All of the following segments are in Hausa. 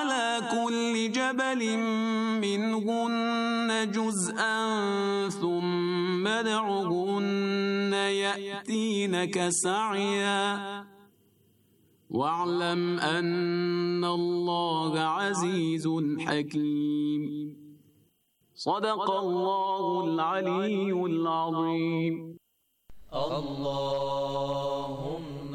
على كل جبل منهن جزءا ثم ادعهن يأتينك سعيا واعلم أن الله عزيز حكيم صدق الله العلي العظيم اللهم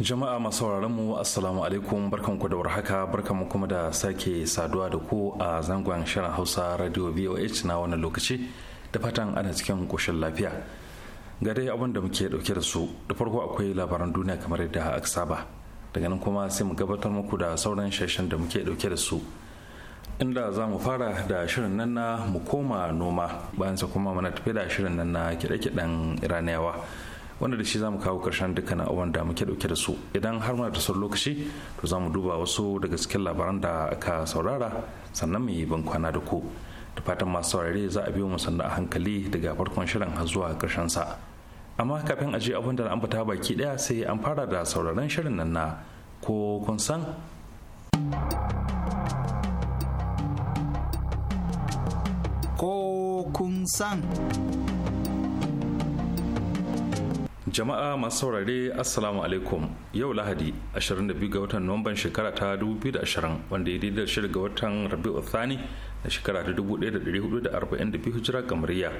jama'a masu mu assalamu alaikum barkan ku da warhaka barkan mu kuma da sake saduwa da ku a zangon shirin hausa radio voh na wani lokaci da fatan ana cikin koshin lafiya ga dai abin da muke ɗauke da su da farko akwai labaran duniya kamar yadda aka saba daga nan kuma sai mu gabatar muku da sauran shashen da muke ɗauke da su inda za mu fara da shirin nan na mu koma noma bayan sa kuma muna tafi da shirin nan na kiɗe-kiɗen iraniyawa wanda da shi za mu kawo karshen dukkanin abubuwan da muke dauke da su idan har muna da son lokaci to za mu duba wasu daga cikin labaran da aka saurara sannan mu yi ban kwana da ku da fatan masu saurare za a biyo mu sannan a hankali daga farkon shirin har zuwa karshen sa amma kafin a je abin da an ambata baki daya sai an fara da sauraron shirin nan na ko kun san ko kun san Jama'a masu saurare Assalamu alaikum yau Lahadi 22 ga watan Nuwamban shekara ta 2020 wanda ya daidai shida ga watan Rabi'u Thani na shekara ta 1442 hijira kamariya.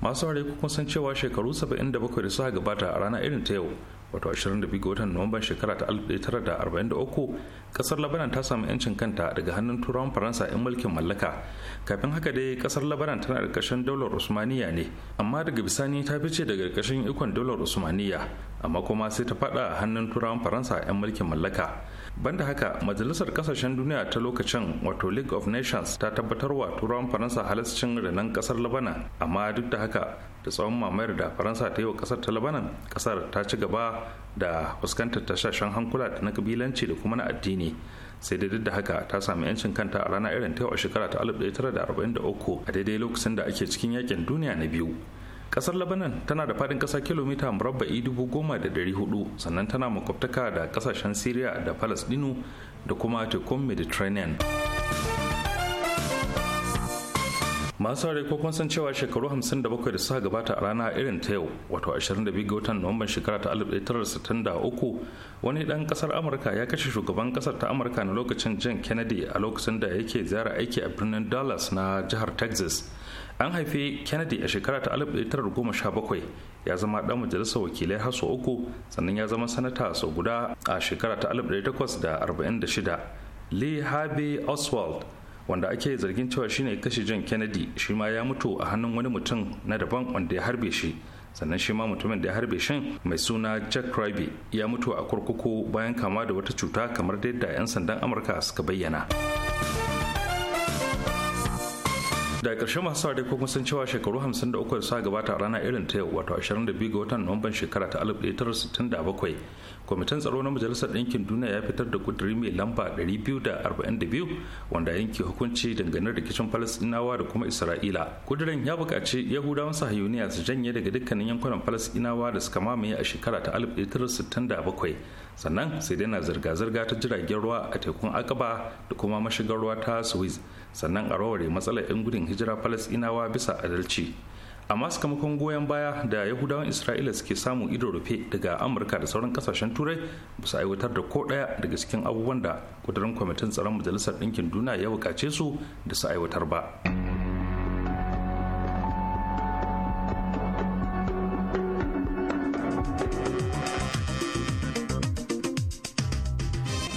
Masu saurare kun san cewa shekaru 77 da suka gabata a rana irin ta yau wato 22 ga watan nuwamban shekara ta 1943 kasar labanan ta samu 'yancin kanta daga hannun turawan faransa 'yan mulkin mallaka kafin haka dai kasar labanan tana da ƙarƙashin daular usmaniya ne amma daga bisani ta fice daga ƙarƙashin ikon daular usmaniya amma kuma sai ta faɗa hannun turawan faransa 'yan mulkin mallaka banda haka majalisar kasashen duniya ta lokacin wato league of nations ta tabbatar wa turawan faransa halascin renon kasar labanan amma duk da haka da tsawon mamayar da faransa ta yi wa kasar ta labanan kasar ta ci gaba da fuskantar tashashen hankula na kabilanci da kuma na addini sai dai duk da haka ta sami yancin kanta a ranar irin ta shekara ta 1943 a daidai lokacin da ake cikin yakin duniya na biyu kasar labanan tana da fadin kasa kilomita murabba'i dubu goma da dari hudu sannan tana makwabtaka da kasashen syria da palestinu da kuma tekun mediterranean masu ware ko kun san cewa shekaru 57 da suka gabata a rana irin ta yau wato 22 ga watan nuwamban shekara ta 1963 wani dan kasar amurka ya kashe shugaban kasar ta amurka na lokacin john kennedy a lokacin da yake ziyara aiki a birnin dallas na jihar texas an haifi kennedy a shekara ta 1917 ya zama dan majalisar wakilai har sau uku sannan ya zama sanata sau guda a shekara ta 1846 lee harvey oswald wanda ake zargin cewa shine kashe john kennedy shi ma ya mutu a hannun wani mutum na daban wanda ya harbe shi sannan shi ma mutumin da ya harbe shin mai suna jack kirby ya mutu a kurkuku bayan kama da wata cuta kamar da yadda 'yan sandan amurka suka bayyana da ƙarshe masu saurare ko kuma sun cewa shekaru 53 da suka gabata a ranar irin ta yau wato 22 ga watan nuwamban shekara ta 1967 kwamitin tsaro na majalisar ɗinkin duniya ya fitar da kudiri mai lamba 242 wanda yanke hukunci dangane da rikicin Falasinawa da kuma isra'ila kudirin ya buƙaci yahudawan sahiyuniya su janye daga dukkanin yankunan Falasinawa da suka mamaye a shekara ta 1967 sannan sai na zirga-zirga ta jiragen ruwa a tekun akaba da kuma mashigar ruwa ta suez sannan a raware matsalar 'yan gudun hijira Falasinawa bisa adalci amma sakamakon goyon baya da yahudawan isra'ila suke samu ido rufe daga amurka da sauran kasashen turai ba su aiwatar da ko daya daga cikin abubuwan da kudurin kwamitin tsaron majalisar ɗinkin duniya ya bukace su da su aiwatar ba.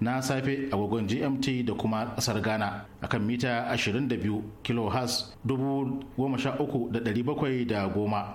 na safe agogon gmt da kuma kasar ghana a kan mita 22 kilohertz 13710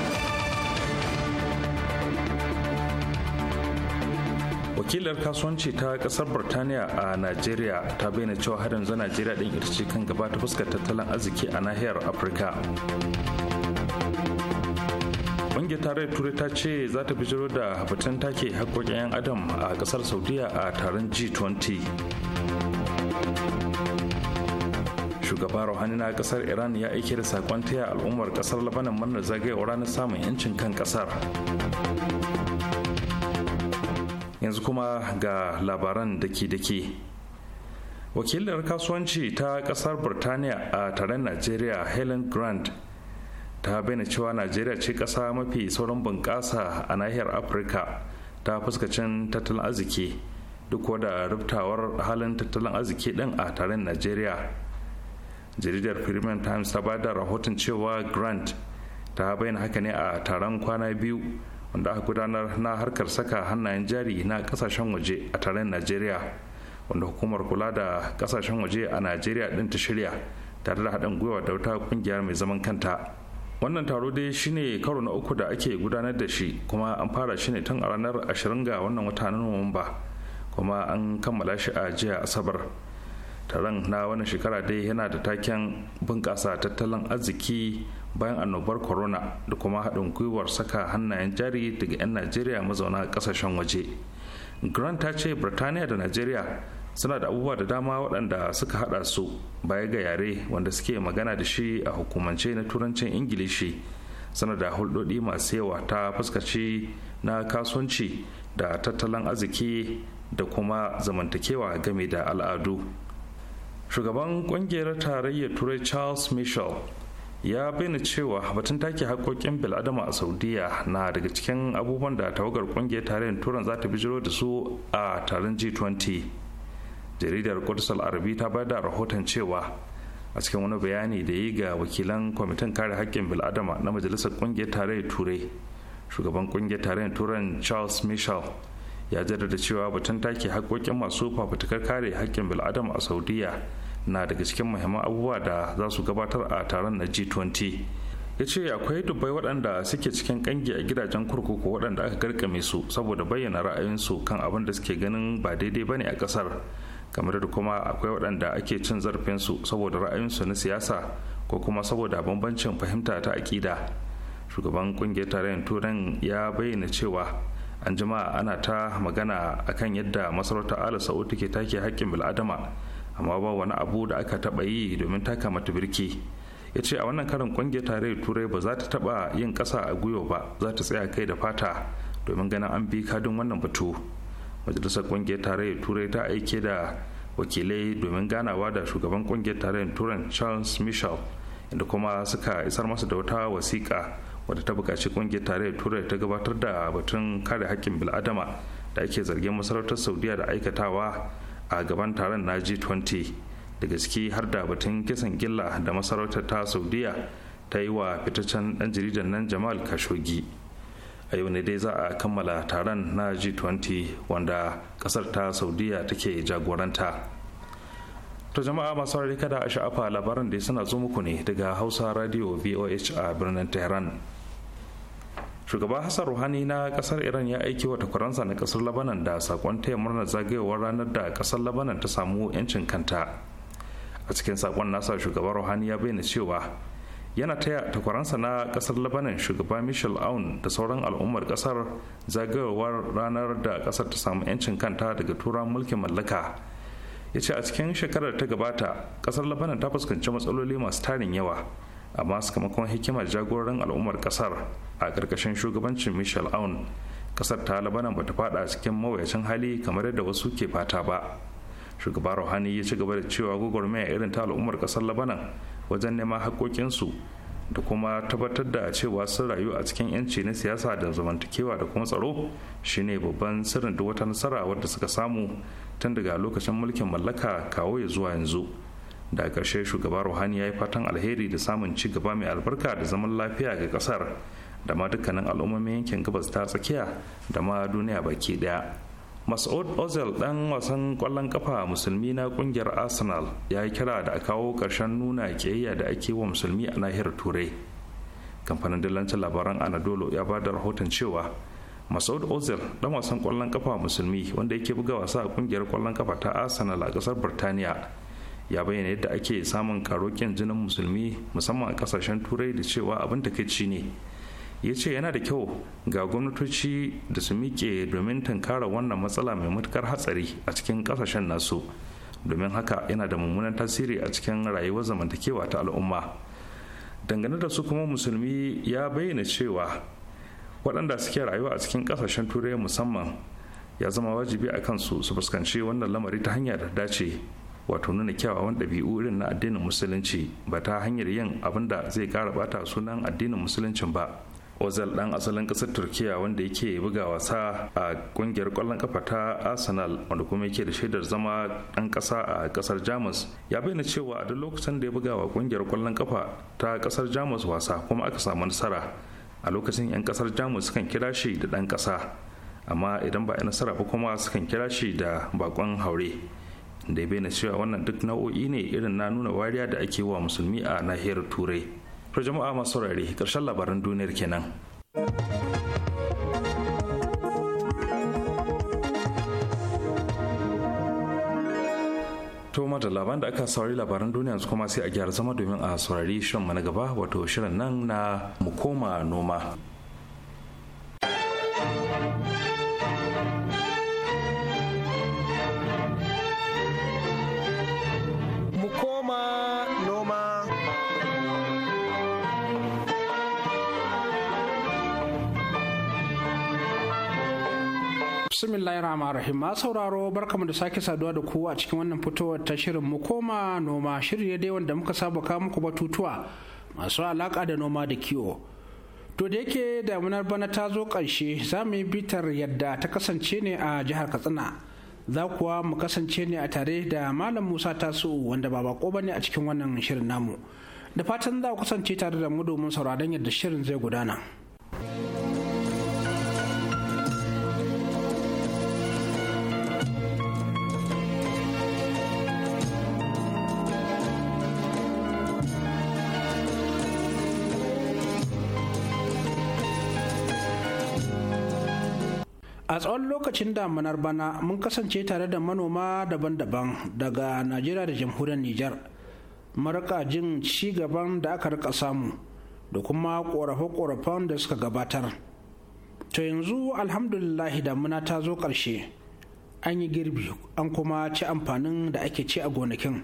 wakilar kasuwanci ta kasar burtaniya a nigeria ta bayyana cewa har yanzu nigeria din ita ce kan gaba ta fuskar tattalin arziki a nahiyar afirka ƙungiyar tarayyar turai ta ce za ta bijiro da batun take haƙƙoƙin 'yan adam a kasar saudiya a taron g20 shugaba rohani na kasar iran ya aike da sakon taya al'ummar kasar labanan murnar zagayowar ranar samun yancin kan kasar yanzu kuma ga labaran dake-dake wakilar kasuwanci ta kasar burtaniya a taron najeriya helen grant ta bayyana cewa najeriya ce kasa mafi sauran bunƙasa a nahiyar afirka ta fuskacin tattalin arziki duk da rubtawar halin tattalin arziki din a taron najeriya jaridar freeman times ta ba da rahoton cewa grant ta bayyana haka ne a taron kwana biyu wanda aka gudanar na harkar saka hannayen jari na kasashen waje a taron najeriya wanda hukumar kula da kasashen waje a najeriya din ta shirya tare da haɗin gwiwa da wata kungiyar mai zaman kanta wannan taro dai shine karo na uku da ake gudanar da shi kuma an fara shi ne tun a ranar ashirin ga wannan wata na nuwamba kuma an kammala shi a jiya asabar taron na wannan shekara dai yana da taken bunƙasa tattalin arziki bayan annobar corona da kuma haɗin gwiwar saka hannayen jari daga 'yan najeriya mazauna ƙasashen waje grant ta ce birtaniya da najeriya suna da abubuwa da dama waɗanda suka haɗa su baya ga yare wanda suke magana da shi a hukumance na turancin ingilishi sana da hulɗoɗi masu yawa ta fuskaci na kasuwanci da tattalin arziki da kuma zamantakewa game da al'adu shugaban ƙungiyar tarayyar turai charles michel ya bayyana cewa batun take haƙoƙin bil'adama a saudiya na daga cikin abubuwan da tawagar ƙungiyar tarayyar turan za ta bijiro da su a taron g20 jaridar kudus arabi ta bayar da rahoton cewa a cikin wani bayani da yi ga wakilan kwamitin kare haƙƙin bil'adama na majalisar ƙungiyar tarayyar turai shugaban ƙungiyar tarayyar turan charles michel ya jaddada cewa batun take haƙoƙin masu fafutukar kare haƙƙin bil'adama a saudiya na daga cikin muhimman abubuwa da za su gabatar a taron na g20 ya ce akwai dubbai waɗanda suke cikin kangi a gidajen kurkuku waɗanda aka garkame su saboda bayyana ra'ayinsu kan abin da suke ganin ba daidai bane a ƙasar kamar da kuma akwai waɗanda ake cin zarafinsu saboda ra'ayinsu na siyasa ko kuma saboda bambancin fahimta ta aƙida shugaban ƙungiyar tarayyar turan ya bayyana cewa an jima ana ta magana akan yadda masarautar ala sa'udu take take haƙƙin bil'adama amma ba wani abu da aka taɓa yi domin taka mata birki ya ce a wannan karin kungiyar tare turai ba za ta taba yin ƙasa a gwiwa ba za ta tsaya kai da fata domin ganin an bi kadin wannan batu majalisar ƙungiyar tarayyar turai ta aike da wakilai domin ganawa da shugaban ƙungiyar tare turan charles michel inda kuma suka isar masa da wata wasiƙa wadda ta buƙaci ƙungiyar tare turai ta gabatar da batun kare haƙƙin bil'adama da ake zargin masarautar saudiya da aikatawa a gaban taron na g20 da gaske har da batun kisan gilla da masarautar ta saudiya ta yi wa fitaccen dan jaridan nan jamal kashogi a yau ne dai za a kammala taron na g20 wanda kasar ta saudiya take jagoranta ta jama'a masu kada a sha'afa labaran da suna zo muku ne daga hausa radio voh a birnin tehran shugaba hassan ruhani na kasar iran ya aiki wa takwaransa na kasar labanan da sakon taya murnar zagayowar ranar da kasar labanan ta samu 'yancin kanta a cikin sakon nasa shugaban ruhani ya bayyana cewa yana taya takwaransa na kasar labanan shugaba michel aun da sauran al'ummar kasar zagayowar ranar da kasar ta samu 'yancin kanta daga turan mulkin mallaka ya ce a cikin shekarar ta gabata kasar labanan ta fuskanci matsaloli masu tarin yawa amma sakamakon hikimar jagoran al'ummar kasar a ƙarƙashin shugabancin michel aun ƙasar ta labanan bata fada cikin mawuyacin hali kamar yadda wasu ke fata ba shugaba rohani ya ci gaba da cewa gwagwarmaya irin ta al'ummar ƙasar labanan wajen neman haƙoƙinsu da kuma tabbatar da cewa sun rayu a cikin yanci na siyasa da zamantakewa da kuma tsaro shine babban sirrin duk wata nasara wadda suka samu tun daga lokacin mulkin mallaka kawo ya zuwa yanzu da ƙarshe shugaba ruhani ya yi fatan alheri da samun ci gaba mai albarka da zaman lafiya ga ƙasar da ma dukkanin al'ummomin yankin gabas ta tsakiya da ma duniya baki daya Mas'ud Ozil dan wasan kwallon kafa musulmi na kungiyar Arsenal ya yi kira da a kawo ƙarshen nuna kiyayya da ake wa musulmi a nahiyar Turai. Kamfanin dillancin labaran Anadolu ya ba da rahoton cewa Mas'ud Ozil dan wasan kwallon kafa musulmi wanda yake buga wasa a kungiyar kwallon kafa ta Arsenal a kasar Birtaniya ya bayyana yadda ake samun karokin jinin musulmi musamman a kasashen Turai da cewa abin takaici ne. ya ce yana da kyau ga gwamnatoci da su miƙe domin tankara wannan matsala mai matukar hatsari a cikin ƙasashen nasu domin haka yana da mummunan tasiri a cikin rayuwar zamantakewa ta al'umma dangane da su kuma musulmi ya bayyana cewa waɗanda suke rayuwa a cikin ƙasashen turai musamman ya zama wajibi a kansu su fuskanci wannan lamari ta hanya da dace wato nuna kyawawan ɗabi'u irin na addinin musulunci ba ta hanyar yin abin da zai ƙara bata sunan addinin musuluncin ba ozil dan asalin kasar turkiya wanda yake buga wasa a kungiyar kwallon kafa ta arsenal wanda kuma yake da shaidar zama dan kasa a kasar jamus ya bayyana cewa a duk lokacin da ya buga wa kungiyar kwallon kafa ta kasar jamus wasa kuma aka samu nasara a lokacin 'yan kasar jamus sukan kira shi da dan kasa amma idan ba a nasara ba kuma sukan kira shi da bakon haure da ya bayyana cewa wannan duk nau'o'i ne irin na nuna wariya da ake wa musulmi a nahiyar turai to jama'a masu rari ƙarshen labaran duniyar kenan To da labaran da aka saurari labaran duniya su kuma sai a gyara zama domin a saurari shirin na gaba wato shirin nan na mu koma noma. Bismillahirrahmanirrahim. ma sauraro barkamu da sake saduwa da ku a cikin wannan fitowar ta shirin mu koma noma shirye dai wanda muka saba kawo muku batutuwa masu alaka da noma da kiwo to da yake damunar bana ta zo ƙarshe za mu yi bitar yadda ta kasance ne a jihar katsina za kuwa mu kasance ne a tare da malam musa tasu wanda ba bako ba ne a cikin wannan shirin namu da fatan za ku kasance tare da mu domin sauraron yadda shirin zai gudana. a tsawon lokacin damunar bana mun kasance tare da manoma daban-daban daga najeriya da jamhuriyar nijar Maraka jin ci gaban da aka rika samu da kuma korafe-korafen da suka gabatar to yanzu alhamdulillahi damuna ta zo ƙarshe an yi girbi an kuma ci amfanin da ake ci a gonakin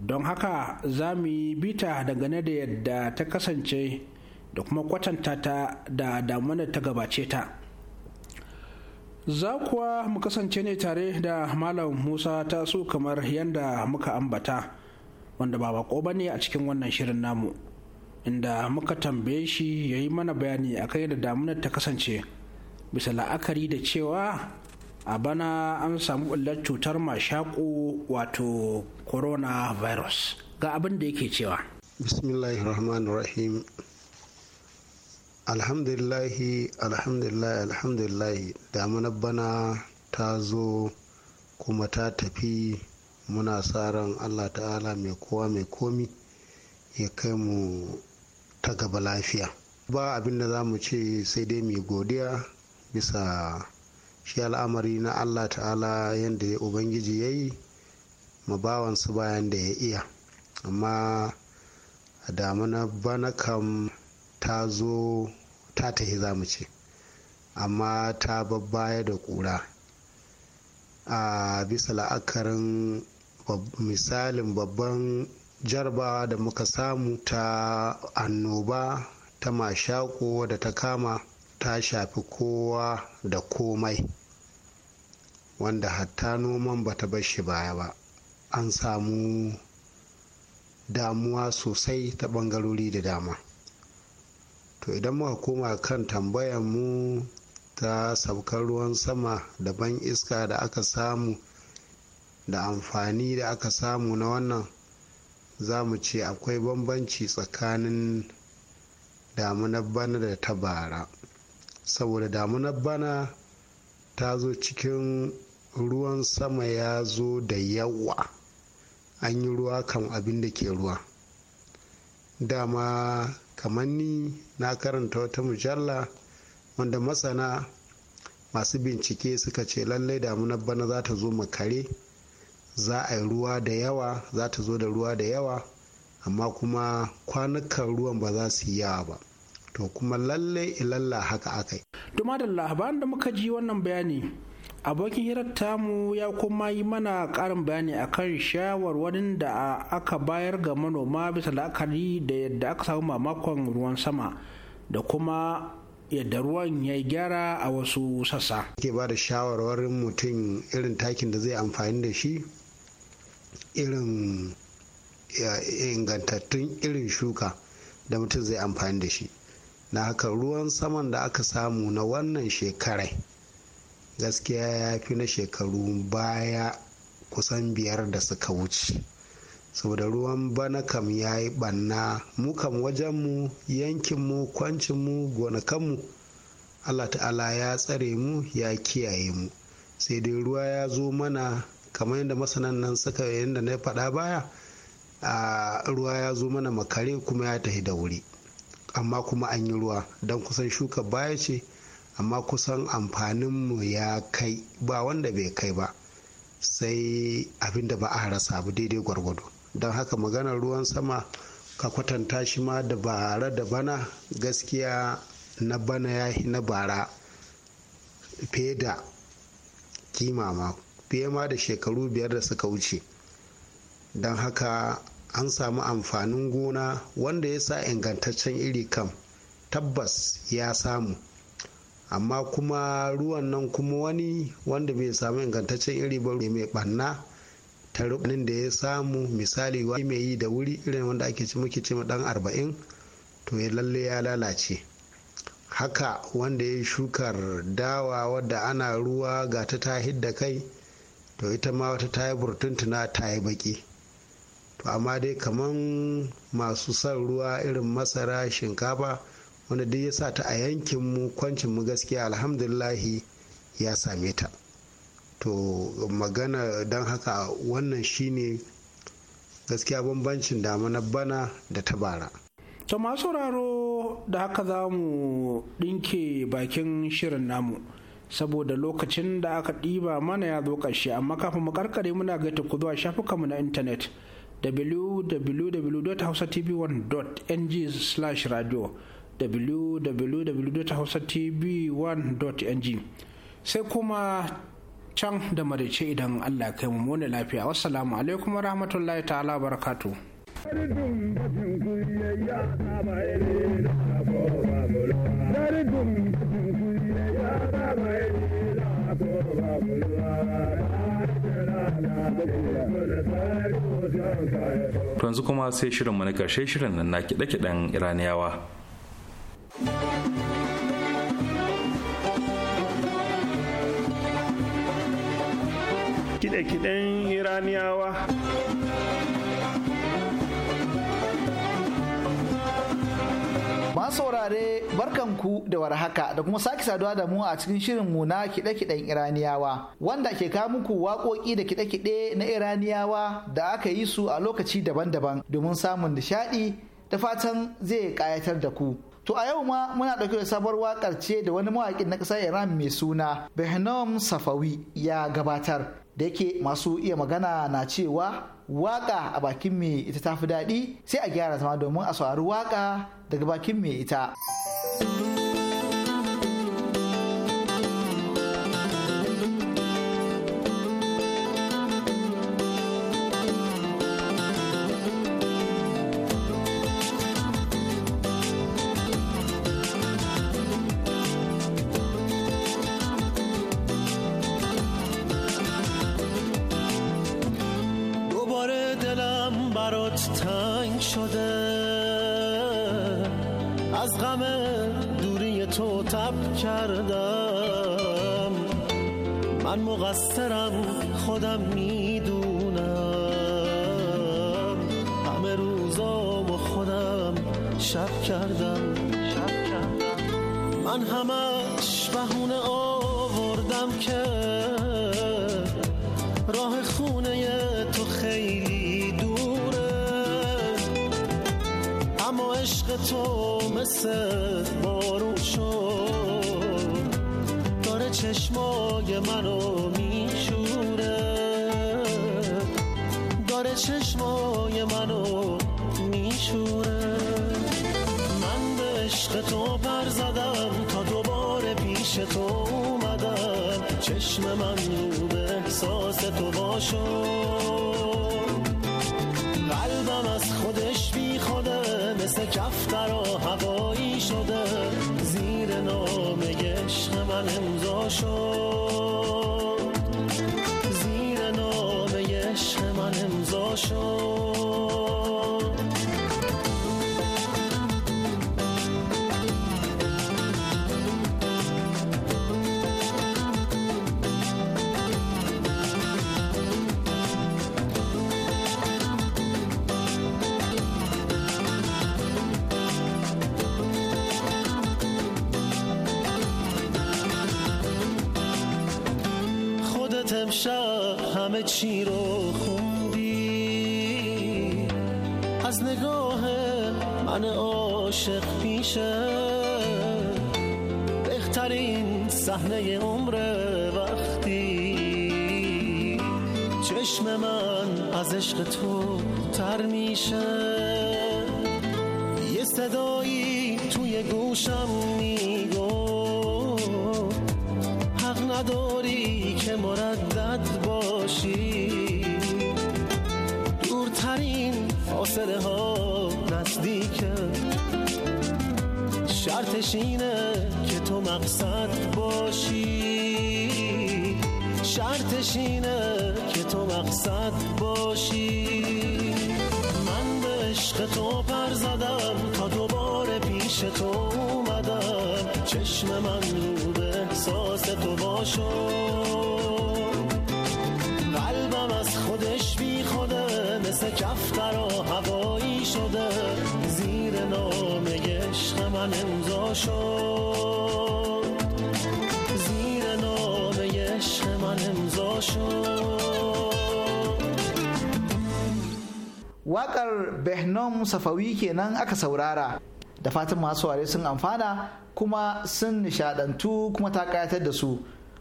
don haka za mu yi bita dangane da yadda ta kasance da kuma kwatanta ta da damunar ta gabace ta. za kuwa mu kasance ne tare da malam musa ta so kamar yadda muka ambata wanda ba bako ba ne a cikin wannan shirin namu inda muka tambaye shi ya yi mana bayani akan yadda damunar ta kasance bisa la'akari da cewa a bana an samu ɓullar cutar mashaƙo wato coronavirus ga abin da yake cewa bismillahirrahmanirrahim alhamdulillahi alhamdulillahi alhamdulillahi damuna bana ta zo kuma ta tafi muna sa ran allah ta'ala mai kowa mai komi ya kai mu ta gaba lafiya ba abin da za mu ce sai dai mai godiya bisa shi al'amari na allah ta'ala yadda ya ubangiji ya yi mabawansu bayan da ya iya amma damuna bana kam ta zo ta tahi za mu ce amma ta babbaya da ƙura a bisa la'akarin misalin babban jarbawa da muka samu ta annoba ta mashako da ta kama ta shafi kowa da komai wanda hatta noman bata bar shi baya ba an samu damuwa sosai ta ɓangarori da dama to idan muka koma kan tambayar mu ta saukar ruwan sama da ban iska da aka samu da amfani da aka samu na wannan za mu ce akwai bambanci tsakanin damunar bana da ta bara saboda damunar bana ta zo cikin ruwan sama ya zo da yawa an yi ruwa kan abin da ke ruwa dama kamar ni na karanta wata mujalla wanda masana masu bincike suka ce lallai damunar bana za ta zo makare za a yi ruwa da yawa za ta zo da ruwa da yawa amma kuma kwanukan ruwan ba za su yi yawa ba to kuma lallai ilalla haka akai. Duma da labaran da muka ji wannan bayani abokin hirar tamu ya kuma yi mana karin bayani akan shawarwarin da aka bayar ga manoma bisa la'akari da yadda aka samu mamakon ruwan sama da kuma yadda ruwan ya yi gyara a wasu sassa. ke ba da shawarwarin mutum irin takin da zai amfani da shi irin ingantattun irin shuka da mutum zai amfani da shi na haka ruwan saman da aka samu na wannan shekarai gaskiya ya fi na shekaru baya kusan biyar da suka wuce saboda ruwan bana kam ya yi ɓanna mu kam wajenmu yankinmu kwancinmu gonakanmu allah ta'ala ya tsare mu ya kiyaye mu sai dai ruwa ya zo mana kamar yadda masanan nan suka yadda na faɗa baya a ruwa ya zo mana makare kuma ya tafi da wuri amma kuma an yi ruwa don kusan shuka baya ce amma kusan amfaninmu ya kai ba wanda bai kai ba sai abinda ba a rasa ba daidai gwargwado don haka maganar ruwan sama ka kwatanta shi ma da bara da bana gaskiya na bana ya yi na bara fiye da kima fiye ma da shekaru biyar da suka wuce don haka an samu amfanin gona wanda ya sa ingantaccen iri kam tabbas ya samu amma kuma ruwan nan kuma wani wanda bai samu ingantaccen iri ba mai ɓanna ta rubanin da ya samu misali wani mai yi da wuri irin wanda ake ci muke ci dan arba'in to ya lalle ya lalace haka wanda ya shukar dawa wadda ana ruwa ga ta ta da kai to ita ma wata ta yi burtuntuna ta yi baki to amma dai kaman masu son ruwa irin masara shinkafa wanda duk ya sa ta a yankin mu kwancin mu gaskiya alhamdulillahi ya same ta to magana don haka wannan shine gaskiya bambancin damuna bana da ta bara to masu sauraro da haka za mu ɗinke bakin shirin namu saboda lokacin da aka ɗiba mana ya zo ƙarshe amma kafin mu karkare muna gaita ku zuwa mu na intanet www.hausatv1.ng/radio www.hausatv1.ng sai kuma can da marice idan Allah kai mu wani lafiya wassalamu alaikum wa rahmatullahi ta'ala barakatu yanzu kuma sai shirinmu na karshe shirin na kiɗe-kiɗen iraniyawa kiɗe-kiɗen iraniyawa saurare barkanku da warhaka da kuma sake saduwa da mu a cikin shirin mu na kiɗen kiɗen iraniyawa wanda ke kawo muku waƙoƙi da kiɗe-kiɗe na iraniyawa da aka yi su a lokaci daban-daban domin samun nishaɗi da fatan zai ƙayatar da ku To a yau ma muna ɗauke da sabuwar wakar ce da wani mawaƙin na ƙasar Iran mai suna Behnam Safawi ya gabatar da yake masu iya magana na cewa waƙa a bakin mai ita ta fi daɗi sai a gyara zama domin a saurari waƙa daga bakin mai ita. سرم خودم میدونم همه روزا با خودم شب کردم من همش بهونه آوردم که راه خونه تو خیلی دوره اما عشق تو مثل بارون شد چشمای منو میشوره داره چشمای منو میشوره من به عشق تو پر زدم تا دوباره پیش تو اومدم چشم من رو به احساس تو باشو قلبم از خودش بی خوده مثل کفتر و هوایی شده 手。همه چی رو خوندی از نگاه من عاشق پیشه بهترین صحنه عمر وقتی چشم من از عشق تو تر میشه یه صدایی توی گوشم مقصدش اینه که تو مقصد باشی شرطش اینه که تو مقصد باشی من به عشق تو پر زدم تا دوباره پیش تو اومدم چشم من رو به احساس تو باشو قلبم از خودش بی خوده مثل کفتر من امضا waƙar behnam safawi kenan aka saurara da fatan masu ware sun amfana kuma sun nishadantu kuma ta kayatar da su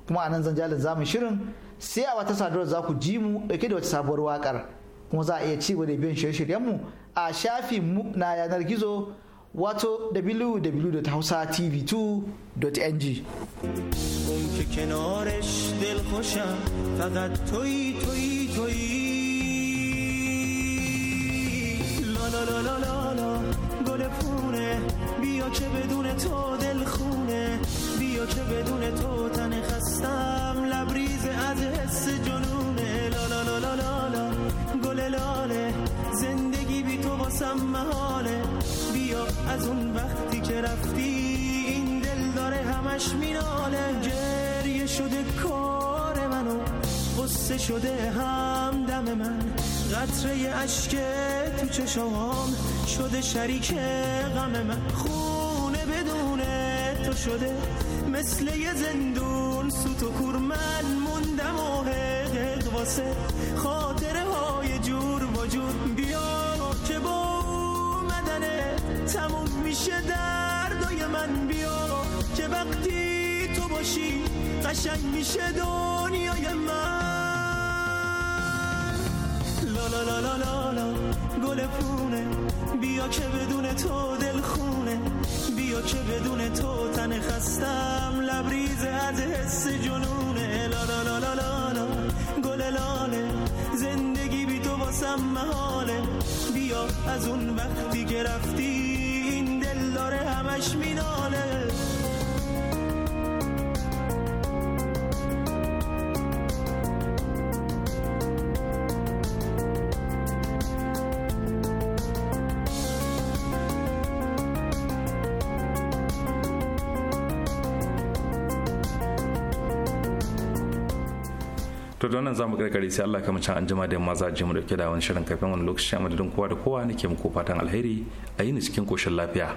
kuma a nan jalin zamu shirin sai a wata sadarwar za ku ji mu dauke da wata sabuwar waƙar kuma za a iya ci da biyan shirye-shiryenmu a shafin mu na yanar gizo wato www.hausatv2.ng اون که کنارش دل خوشم فقط توی توی توی لا لا لا لا لا, لا گل پونه بیا که بدون تو دل خونه بیا که بدون تو تن خستم لبریز از حس جنونه لا لا لا لا لا, لا گل لاله زندگی بی تو واسم محاله از اون وقتی که رفتی این دل داره همش میناله گریه شده کار منو قصه شده هم دم من قطره اشک تو چشام شده شریک غم من خونه بدون تو شده مثل یه زندون سوت و کور من موندم و حقق واسه خاطره های جور وجود بیا پیش دردای من بیا که وقتی تو باشی قشنگ میشه دنیای من لا لا لا لا لا, لا گل پونه بیا که بدون تو دل خونه بیا که بدون تو تن خستم لبریز از حس جنونه لا لا لا لا لا, لا گل لاله زندگی بی تو واسم محاله بیا از اون وقتی که همش میناله to don nan za mu gargare sai Allah kamar can anjima da yamma za mu dauke da wani shirin kafin wani lokaci a madadin kowa da kowa nake muku fatan alheri a yi ni cikin koshin lafiya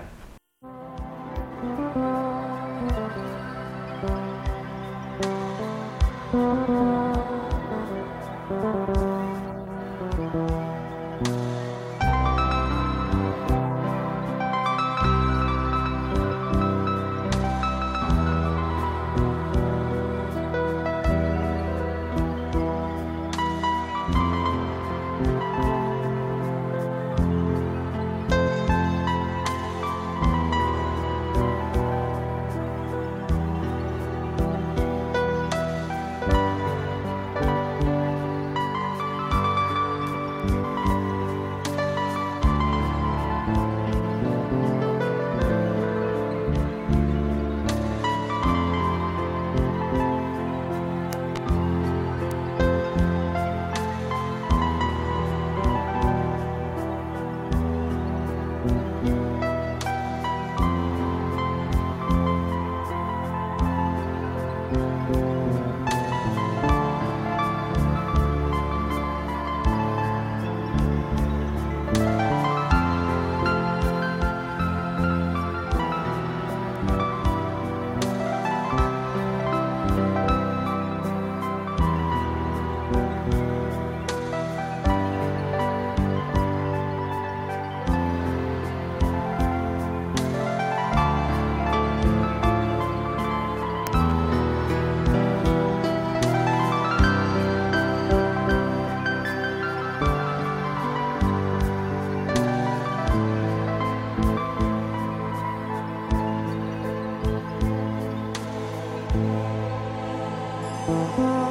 Thank you.